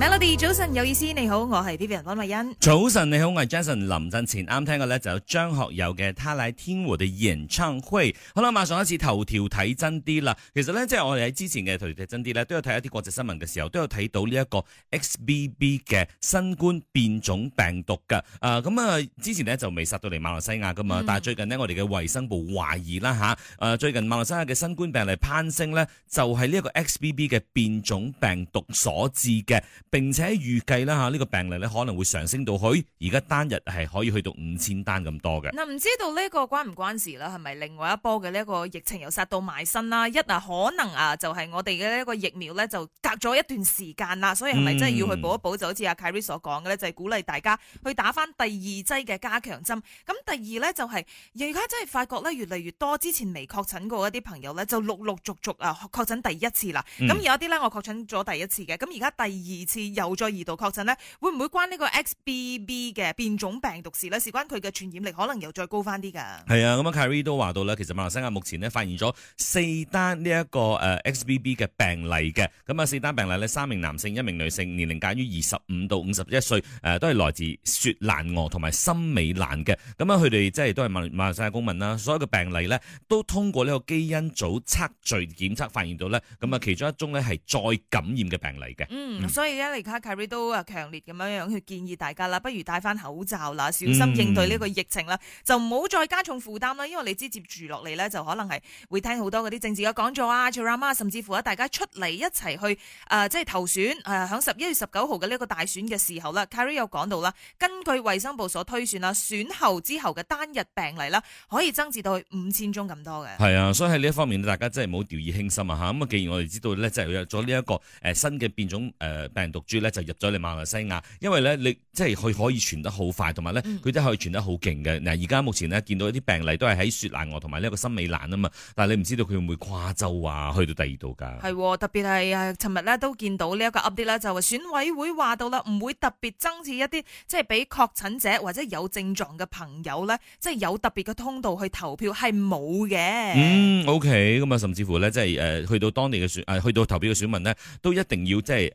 Melody，早晨有意思，你好，我係 Vivian 溫慧欣。早晨，你好，我係 Jason 林振前。啱聽嘅咧就有張學友嘅《他來天和》嘅演唱會。好啦，馬上開始頭條睇真啲啦。其實咧，即係我哋喺之前嘅頭條睇真啲咧，都有睇一啲國際新聞嘅時候，都有睇到呢一個 XBB 嘅新冠變種病毒嘅。誒、呃，咁、嗯、啊，之前呢就未殺到嚟馬來西亞噶嘛，但係最近呢，我哋嘅衛生部懷疑啦吓。誒、啊，最近馬來西亞嘅新冠病例攀升咧，就係呢一個 XBB 嘅變種病毒所致嘅。並且預計啦嚇，呢、啊這個病例咧可能會上升到去而家單日係可以去到五千單咁多嘅。嗱，唔知道呢個關唔關事啦？係咪另外一波嘅呢個疫情又殺到埋身啦？一啊，可能啊就係、是、我哋嘅呢個疫苗咧就隔咗一段時間啦，所以係咪真係要去補一補？嗯、就好似阿凱 e 所講嘅咧，就係、是、鼓勵大家去打翻第二劑嘅加強針。咁第二咧就係而家真係發覺咧越嚟越多之前未確診過一啲朋友咧就陸陸續續啊確診第一次啦。咁、嗯、有一啲咧我確診咗第一次嘅，咁而家第二次。又再二度確診呢？會唔會關呢個 XBB 嘅變種病毒事呢？事關佢嘅傳染力可能又再高翻啲噶。係啊，咁啊，Kerry 都話到呢。其實馬來西亞目前呢，發現咗四單呢一個誒 XBB 嘅病例嘅。咁啊，四單病例呢，三名男性，一名女性，年齡介於二十五到五十一歲，誒、呃，都係來自雪蘭莪同埋森美蘭嘅。咁啊，佢哋即係都係馬馬來西亞公民啦。所有嘅病例呢，都通過呢個基因組測序檢測發現到呢。咁啊，其中一宗呢，係再感染嘅病例嘅。嗯，所以咁而家 Carrie 都啊，強烈咁樣樣去建議大家啦，不如戴翻口罩啦，小心應對呢個疫情啦，嗯、就唔好再加重負擔啦。因為你知接住落嚟咧，就可能係會聽好多嗰啲政治嘅講座啊，做阿、嗯、甚至乎啊，大家出嚟一齊去誒、呃，即係投選誒，響十一月十九號嘅呢個大選嘅時候咧，Carrie 有講到啦，根據衛生部所推算啦，選後之後嘅單日病例啦，可以增至到去五千宗咁多嘅。係啊，所以喺呢一方面，大家真係唔好掉以輕心啊吓。咁、嗯、啊、嗯、既然我哋知道咧，即係有咗呢一個誒、呃、新嘅變種誒、呃、病毒。咧就入咗嚟馬來西亞，因為咧你即係佢可以傳得好快，同埋咧佢真係可以傳得好勁嘅。嗱，而家目前呢，見到一啲病例都係喺雪蘭莪同埋呢個森美蘭啊嘛，但係你唔知道佢會唔會跨州啊，去到第二度㗎。係，特別係誒，尋日咧都見到呢一個 update 咧，就話選委會話到啦，唔會特別增設一啲即係俾確診者或者有症狀嘅朋友咧，即係有特別嘅通道去投票係冇嘅。嗯，OK，咁啊，甚至乎咧即係去到當地嘅選去到投票嘅選民呢，都一定要即係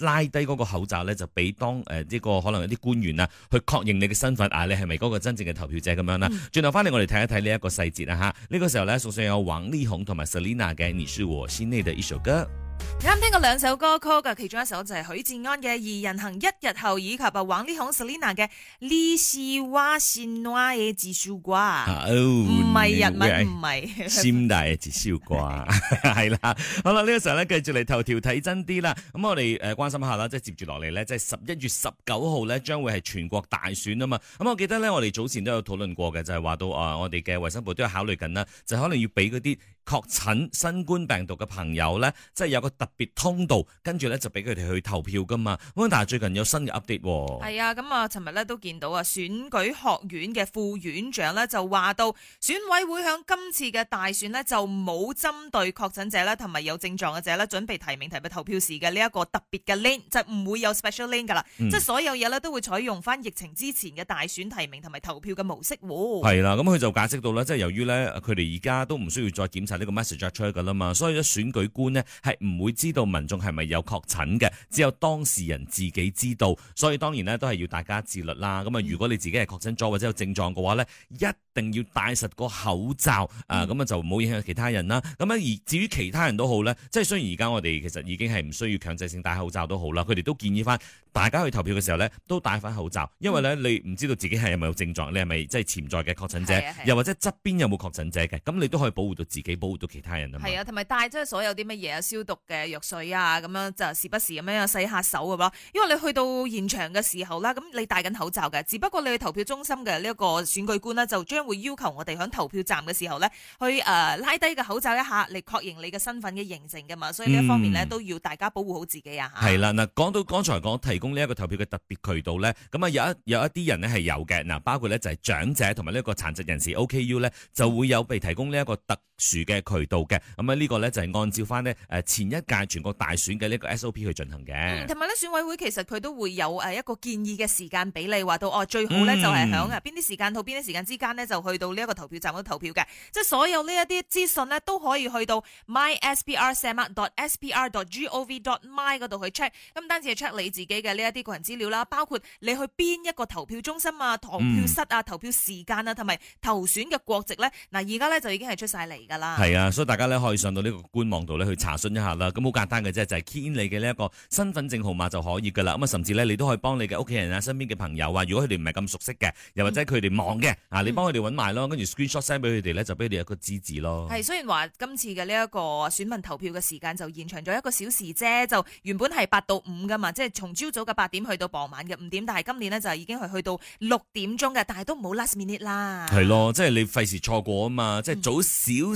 拉低嗰個口罩咧，就俾當誒呢、呃這個可能有啲官員啊，去確認你嘅身份啊，你係咪嗰個真正嘅投票者咁樣啦、啊？轉頭翻嚟，我哋睇一睇呢一個細節啊吓，呢、這個時候咧，送上有王力宏同埋 Selina 嘅《你是我心內的一首歌》。啱聽過兩首歌曲噶，其中一首就係許志安嘅《二人行一日後》，以及啊王力宏 Selina 嘅《呢絲哇線哇嘅節少掛》，唔係人民，唔係鮮大嘅節少掛，係啦。 好啦，呢個時候咧，繼續嚟頭條睇真啲啦。咁我哋誒、呃、關心下啦，即係接住落嚟咧，即係十一月十九號咧，將會係全國大選啊嘛。咁我記得咧，我哋早前都有討論過嘅，就係話到啊，我哋嘅衛生部都有考慮緊啦，就可能要俾嗰啲。確診新冠病毒嘅朋友咧，即係有個特別通道，跟住咧就俾佢哋去投票噶嘛。咁但係最近有新嘅 update 喎。係啊，咁啊，尋日咧都見到啊，選舉學院嘅副院長咧就話到，選委會向今次嘅大選呢，就冇針對確診者咧同埋有症狀嘅者咧準備提名、提名投票時嘅呢一個特別嘅 lane，就唔會有 special lane 㗎啦。嗯、即係所有嘢咧都會採用返疫情之前嘅大選提名同埋投票嘅模式。係、哦、啦，咁佢就解釋到咧，即係由於咧佢哋而家都唔需要再檢查。呢個 message 出嚟噶啦嘛，所以咧選舉官咧係唔會知道民眾係咪有確診嘅，只有當事人自己知道。所以當然咧都係要大家自律啦。咁啊，如果你自己係確診咗或者有症狀嘅話咧，一一定要戴實個口罩啊！咁啊就唔好影響其他人啦。咁而至於其他人都好啦，即係雖然而家我哋其實已經係唔需要強制性戴口罩都好啦。佢哋都建議翻大家去投票嘅時候咧，都戴翻口罩，因為咧你唔知道自己係有冇症狀，你係咪即係潛在嘅確診者，又或者側邊有冇確診者嘅，咁你都可以保護到自己，保護到其他人啊，係啊，同埋帶咗所有啲乜嘢啊，消毒嘅藥水啊，咁樣就時不時咁樣洗下手咁、啊、因為你去到現場嘅時候啦，咁你戴緊口罩嘅，只不過你去投票中心嘅呢一個選舉官呢，就將會要求我哋喺投票站嘅時候咧，去誒、呃、拉低個口罩一下，嚟確認你嘅身份嘅認證㗎嘛，所以呢一方面咧、嗯、都要大家保護好自己啊吓。係啦，嗱，講到剛才講提供呢一個投票嘅特別渠道，咧，咁啊有一些人是有一啲人咧係有嘅，嗱，包括咧就係長者同埋呢一個殘疾人士 OKU、OK、咧，就會有被提供呢一個特。樹嘅渠道嘅，咁啊呢個咧就係按照翻呢誒前一屆全國大選嘅呢個 SOP 去進行嘅。同埋咧，選委會其實佢都會有誒一個建議嘅時間俾你，話到哦最好咧就係響邊啲時間到邊啲時間之間呢，就去到呢一個投票站度投票嘅。即係所有呢一啲資訊呢，都可以去到 mysprsm.dotspr.dotgov.dotmy 嗰度去 check。咁單止係 check 你自己嘅呢一啲個人資料啦，包括你去邊一個投票中心啊、投票室啊、投票時間啊，同埋投選嘅國籍咧。嗱，而家咧就已經係出晒嚟。係啊，所以大家咧可以上到呢個官網度咧去查詢一下啦。咁好簡單嘅啫，就係、是、填你嘅呢一個身份證號碼就可以噶啦。咁啊，甚至咧你都可以幫你嘅屋企人啊、身邊嘅朋友啊，如果佢哋唔係咁熟悉嘅，又或者佢哋忙嘅啊，嗯、你幫佢哋揾埋咯，跟住、嗯、screen shot send 俾佢哋咧，就俾佢哋一個支持咯。係，雖然話今次嘅呢一個選民投票嘅時間就延長咗一個小時啫，就原本係八到五噶嘛，即係從朝早嘅八點去到傍晚嘅五點，但係今年呢，就已經係去到六點鐘嘅，但係都唔好 last minute 啦。係咯、啊，即係你費事錯過啊嘛，嗯、即係早少。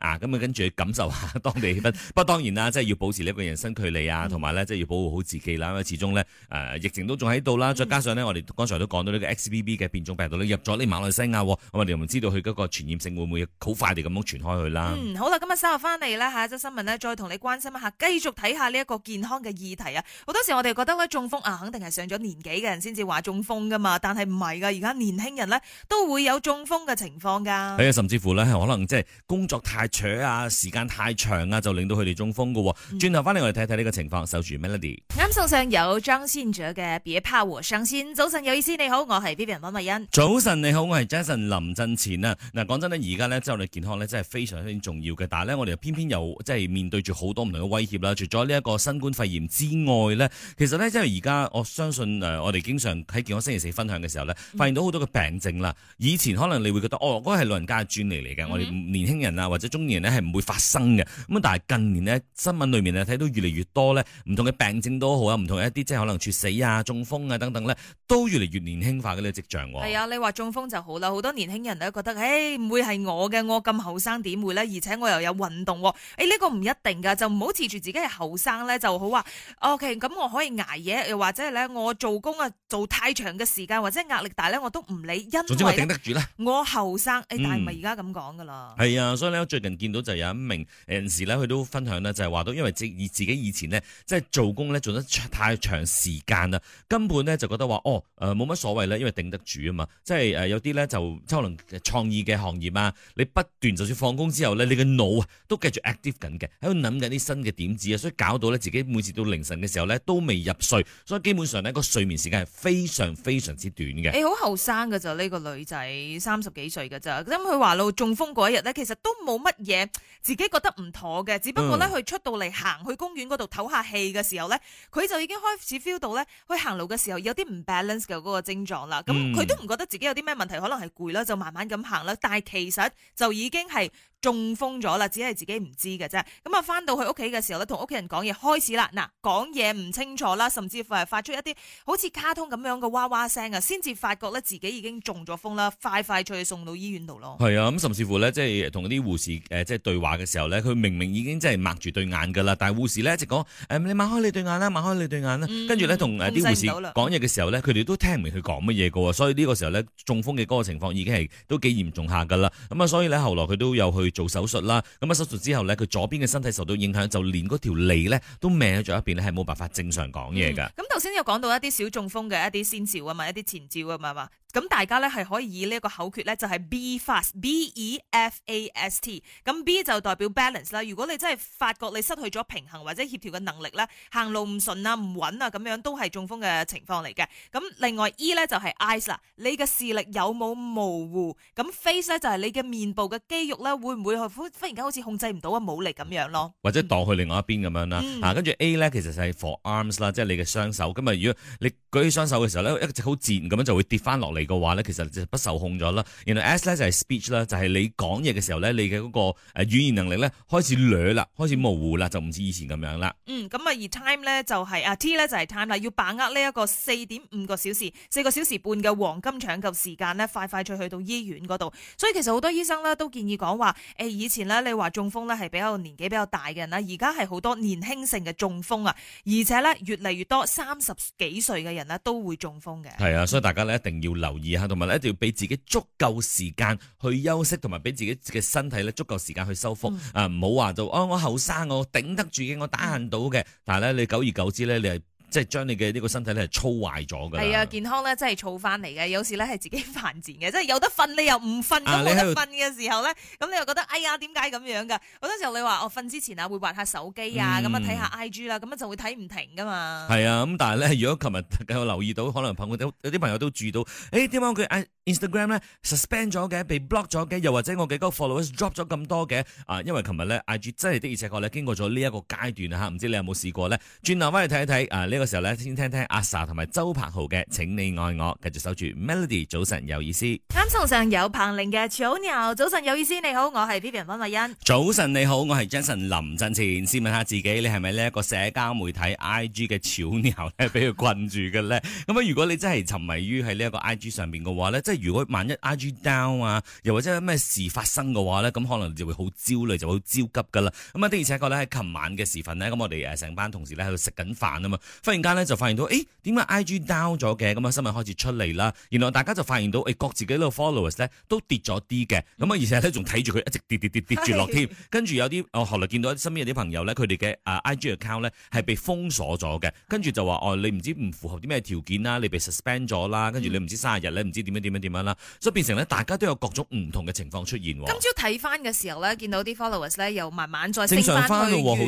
啊，咁啊跟住去感受下當地氣氛，不過當然啦，即係要保持呢一個人身距離啊，同埋咧即係要保護好自己啦，因為始終咧、呃、疫情都仲喺度啦，再加上咧我哋剛才都講到呢個 XBB 嘅變種病毒入咗呢馬來西亞，咁啊你又唔知道佢嗰個傳染性會唔會好快地咁樣傳開去啦？嗯，好啦，今日稍後翻嚟咧下一則新聞咧再同你關心一下，繼續睇下呢一個健康嘅議題啊！好多時候我哋覺得咧中風啊，肯定係上咗年紀嘅人先至話中風噶嘛，但係唔係噶，而家年輕人咧都會有中風嘅情況㗎。係啊，甚至乎呢可能即係工作太扯啊，時間太長啊，就令到佢哋中風嘅、哦。轉頭翻嚟我哋睇睇呢個情況，守住 Melody。啱送、嗯、上有張信哲嘅《別怕我傷心》。早晨有意思，你好，我係 Vivian 溫慧欣。早晨你好，我係 Jason 林振前啊。嗱，講真呢，而家呢，即係我哋健康呢，真係非常之重要嘅。但係呢，我哋偏偏又即係面對住好多唔同嘅威脅啦。除咗呢一個新冠肺炎之外呢，其實呢，即係而家我相信我哋經常喺健康星期四分享嘅時候呢，發現到好多嘅病症啦。嗯、以前可能你會覺得哦，嗰係老人家嘅專利嚟嘅，嗯、我哋年輕人啊或者中。當然咧係唔會發生嘅，咁但係近年呢，新聞裏面啊，睇到越嚟越多咧唔同嘅病症都好啊，唔同一啲即係可能猝死啊、中風啊等等咧，都越嚟越年輕化嘅呢個跡象。係啊，你話中風就好啦，好多年輕人都覺得誒唔、欸、會係我嘅，我咁後生點會咧？而且我又有運動，誒、欸、呢、呢個唔一定噶，就唔好持住自己係後生咧就好話，OK，咁我可以捱嘢，又或者係咧我做工啊做太長嘅時間，或者壓力大咧，我都唔理，因為總之我頂得住啦。我後生誒，但係唔係而家咁講噶啦。係啊，所以咧最近，見到就有一名人士咧，佢都分享啦，就係話到，因為自以自己以前呢，即係做工咧，做得太長時間啦，根本咧就覺得話哦，呃，冇乜所謂咧，因為頂得住啊嘛，即係有啲咧就即可能創意嘅行業啊，你不斷就算放工之後咧，你嘅腦啊都繼續 active 緊嘅，喺度諗緊啲新嘅點子啊，所以搞到咧自己每次到凌晨嘅時候咧都未入睡，所以基本上呢個睡眠時間係非常非常之短嘅。你好後生㗎咋？呢個女仔三十幾歲㗎咋？咁佢話路中風嗰一日咧，其實都冇乜。嘢自己覺得唔妥嘅，只不過咧，佢出到嚟行去公園嗰度唞下氣嘅時候咧，佢就已經開始 feel 到咧，去行路嘅時候有啲唔 balance 嘅嗰個症狀啦。咁佢、嗯、都唔覺得自己有啲咩問題，可能係攰啦，就慢慢咁行啦。但係其實就已經係中風咗啦，只係自己唔知嘅啫。咁啊，翻到去屋企嘅時候咧，同屋企人講嘢開始啦。嗱，講嘢唔清楚啦，甚至乎係發出一啲好似卡通咁樣嘅哇哇聲啊，先至發覺咧自己已經中咗風啦，快快脆送到醫院度咯。係啊，咁甚至乎咧，即係同啲護士誒，即係對話嘅時候咧，佢明明已經即係擘住對眼噶啦，但係護士咧直講，誒、嗯，你擘開你對眼啦，擘開你對眼啦、嗯。跟住咧同啲護士講嘢嘅時候咧，佢哋都聽唔明佢講乜嘢噶喎。所以呢個時候咧，中風嘅嗰個情況已經係都幾嚴重下噶啦。咁啊，所以咧後來佢都有去。做手術啦，咁啊手術之後咧，佢左邊嘅身體受到影響，就連嗰條脷咧都歪咗一邊咧，係冇辦法正常講嘢噶。咁頭先有講到一啲小中風嘅一啲先兆啊嘛，一啲前兆啊嘛係嘛？咁大家咧係可以以呢一個口訣咧就係、是、B fast B E F A S T 咁 B 就代表 balance 啦。如果你真係發覺你失去咗平衡或者協調嘅能力咧，行路唔順啊、唔穩啊咁樣都係中風嘅情況嚟嘅。咁另外 E 咧就係 eyes 啦，你嘅視力有冇模糊？咁 face 咧就係、是、你嘅面部嘅肌肉咧會唔會忽然間好似控制唔到啊冇力咁樣咯？或者盪去另外一邊咁樣啦。嗯、啊，跟住 A 咧其實就係 for arms 啦，即係你嘅雙手。咁啊如果你舉起雙手嘅時候咧，一直好自然咁樣就會跌翻落嚟。嘅話咧，其實就不受控咗啦。然後 S 咧就係 speech 啦，就係你講嘢嘅時候咧，你嘅嗰個誒語言能力咧開始弱啦，開始模糊啦，就唔似以前咁樣啦。嗯，咁啊而 time 咧就係、是、啊 T 咧就係 time 啦，要把握呢一個四點五個小時、四個小時半嘅黃金搶救時間咧，快快脆去到醫院嗰度。所以其實好多醫生咧都建議講話，誒、哎、以前咧你話中風咧係比較年紀比較大嘅人啦，而家係好多年輕性嘅中風啊，而且咧越嚟越多三十幾歲嘅人呢都會中風嘅。係啊，所以大家一定要留。留意下同埋咧一定要俾自己足夠時間去休息，同埋俾自己嘅身體咧足夠時間去修復、嗯、啊，唔好話，就，哦，我後生，我頂得住嘅，我打恨到嘅。但係咧，你久而久之咧，你係。即係將你嘅呢個身體咧係操壞咗嘅。係啊，健康咧真係燥翻嚟嘅，有時咧係自己犯賤嘅，即係有得瞓你又唔瞓，冇、啊、得瞓嘅時候咧，咁你又覺得哎呀點解咁樣噶？好多時候你話我瞓之前啊會玩下手機啊，咁啊睇下 I G 啦，咁啊就會睇唔停噶嘛。係啊，咁、嗯、但係咧，如果琴日有留意到，可能朋友有啲朋友都注意到，誒、哎、點解佢個 Instagram 咧 suspend 咗嘅，被 block 咗嘅，又或者我幾個 followers drop 咗咁多嘅？啊，因為琴日咧 I G 真係的而且確咧經過咗呢一個階段啊，唔知你有冇試過咧？轉頭翻嚟睇一睇啊。嗰時候咧，先聽聽阿 Sa 同埋周柏豪嘅《請你愛我》，繼續守住 Melody。早晨有意思。啱從上有彭羚嘅囚鳥，早晨有意思。你好，我係 Vivian 溫慧欣。早晨你好，我係 Jason 林振前。先問一下自己，你係咪呢一個社交媒體 I G 嘅囚鳥咧，俾佢困住嘅咧？咁啊，如果你真係沉迷於喺呢一個 I G 上邊嘅話咧，即係如果萬一 I G down 啊，又或者有咩事發生嘅話咧，咁可能就會好焦慮，就好焦急噶啦。咁啊，的而且確咧喺琴晚嘅時分咧，咁我哋誒成班同事咧喺度食緊飯啊嘛。忽然間咧就發現到，誒點解 IG down 咗嘅？咁啊新聞開始出嚟啦。原來大家就發現到，誒、哎、各自己呢個 followers 咧都跌咗啲嘅。咁啊、嗯、而且咧仲睇住佢一直跌跌跌跌跌落添。跟住是有啲我後來見到身邊有啲朋友咧，佢哋嘅 IG account 咧係被封鎖咗嘅。跟住就話哦，你唔知唔符合啲咩條件啦，你被 suspend 咗啦。跟住你唔知卅日咧，唔、嗯、知點樣點樣點樣啦。所以變成咧，大家都有各種唔同嘅情況出現喎。今朝睇翻嘅時候咧，見到啲 followers 咧又慢慢再升翻去原本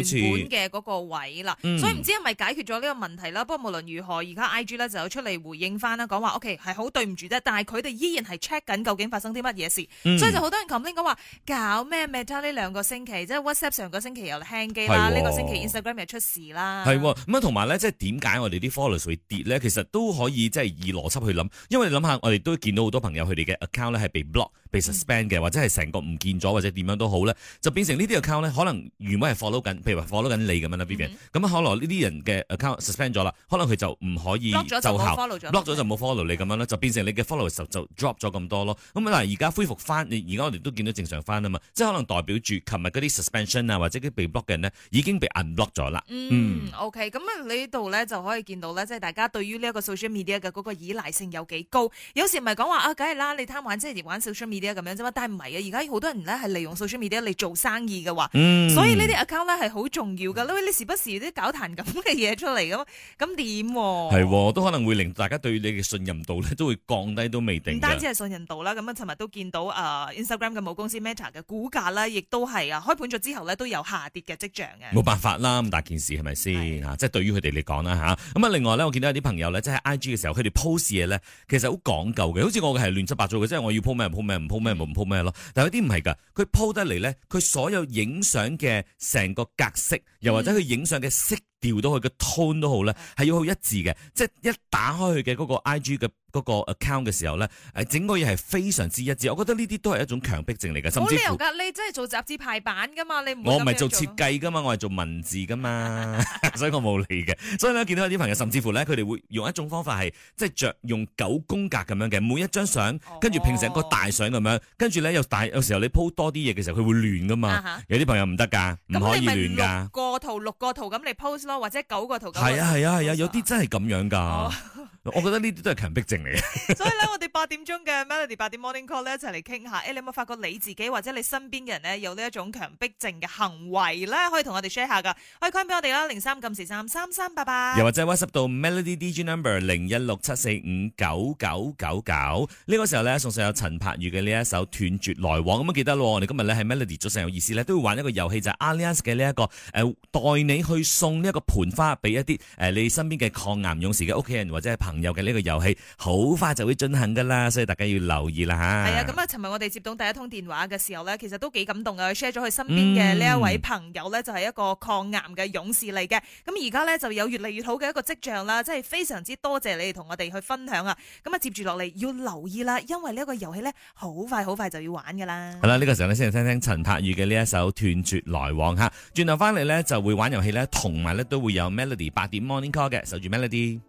嘅嗰個位啦。好似，所以唔知係咪解決咗呢個問題啦，不過無論如何，而家 I.G. 咧就有出嚟回應翻啦，講話 O.K. 係好對唔住啫，但係佢哋依然係 check 緊究竟發生啲乜嘢事，嗯、所以就好多人 comment 講話搞咩咩？呢兩個星期，即係 WhatsApp 上個星期又 hang 機啦，呢、哦、個星期 Instagram 又出事啦，係咁啊，同埋咧，即係點解我哋啲 follower 會跌咧？其實都可以即係以邏輯去諗，因為諗下我哋都見到好多朋友佢哋嘅 account 咧係被 block 被 pend、嗯、被 suspend 嘅，或者係成個唔見咗，或者點樣都好咧，就變成呢啲 account 咧可能原本係 follow 緊，譬如話 follow 緊你咁樣啦，Vivian，咁啊後來呢啲人嘅 account 咗啦，可能佢就唔可以效就 block 咗就冇 follow 你咁樣啦，嗯、就變成你嘅 follow 就 drop 咗咁多咯。咁嗱，而家恢復翻，而家我哋都見到正常翻啊嘛，即係可能代表住琴日嗰啲 suspension 啊或者啲被 block 嘅人咧，已經被 unlock 咗啦。嗯，嗯，OK，咁啊呢度咧就可以見到咧，即係大家對於呢一個 social media 嘅嗰個依賴性有幾高。有時唔係講話啊，梗係啦，你貪玩即係玩 social media 咁樣啫嘛，但係唔係啊，而家好多人咧係利用 social media 嚟做生意嘅話，嗯、所以呢啲 account 咧係好重要噶。因為你時不時都搞彈咁嘅嘢出嚟咁。咁點係，都可能會令大家對你嘅信任度咧，都會降低都未定。唔單止係信任度啦，咁啊，尋日都見到啊，Instagram 嘅母公司 Meta 嘅股價咧，亦都係啊，開盤咗之後咧，都有下跌嘅跡象嘅。冇辦法啦，咁大件事係咪先吓？即係對於佢哋嚟講啦吓。咁啊，另外咧，我見到有啲朋友咧，即係 IG 嘅時候，佢哋 post 嘢咧，其實好講究嘅。好似我嘅係亂七八糟嘅，即係我要 post 咩？post 咩？唔 post 咩？唔 post 咩？咯。但係有啲唔係噶，佢 post 得嚟咧，佢所有影相嘅成個格式，又或者佢影相嘅色。嗯調到佢嘅 tone 都好咧，係要好一致嘅，即係一打開佢嘅嗰個 IG 嘅。嗰個 account 嘅時候咧，整個嘢係非常之一致。我覺得呢啲都係一種強迫症嚟嘅，甚至乎冇理由㗎。你真係做雜誌排版㗎嘛？你唔係做,做設計㗎嘛？我係做文字㗎嘛 所，所以我冇理嘅。所以咧，見到有啲朋友，甚至乎咧，佢哋會用一種方法係即係著用九宮格咁樣嘅，每一張相跟住拼成個大相咁樣，跟住咧又大有時候你 po 多啲嘢嘅時候，佢會亂㗎嘛？Uh huh. 有啲朋友唔得㗎，唔可以亂㗎。六個圖六個圖咁嚟 post 咯，或者九個圖。係啊係啊係啊，有啲真係咁樣㗎。 我覺得呢啲都係強迫症。 所以咧，我哋八點鐘嘅 Melody 八點 Morning Call 咧，一齊嚟傾下。誒，你有冇發覺你自己或者你身邊嘅人呢？有呢一種強迫症嘅行為咧？可以同我哋 share 下噶，可以 call 翻俾我哋啦，零三禁時三，三三八八。又或者 WhatsApp 到 Melody DJ Number 零一六七四五九九九九。呢個時候咧，送上有陳柏宇嘅呢一首《斷絕來往》咁啊、嗯，記得咯。我哋今日咧係 Melody 早上有意思咧，都會玩一個遊戲，就係 Alliance 嘅呢一個誒、呃，代你去送呢一個盆花俾一啲誒，你身邊嘅抗癌勇士嘅屋企人或者係朋友嘅呢個遊戲。好快就會進行噶啦，所以大家要留意啦吓。係啊，咁啊，尋日我哋接到第一通電話嘅時候呢，其實都幾感動啊。Share 咗佢身邊嘅呢一位朋友呢，嗯、就係一個抗癌嘅勇士嚟嘅。咁而家呢，就有越嚟越好嘅一個跡象啦，即係非常之多謝你哋同我哋去分享啊。咁啊，接住落嚟要留意啦，因為呢個遊戲呢，好快好快就要玩噶啦。係啦，呢個時候先嚟聽聽陳柏宇嘅呢一首斷絕來往吓。轉頭翻嚟呢，就會玩遊戲呢，同埋呢，都會有 Melody 八點 Morning Call 嘅，守住 Melody。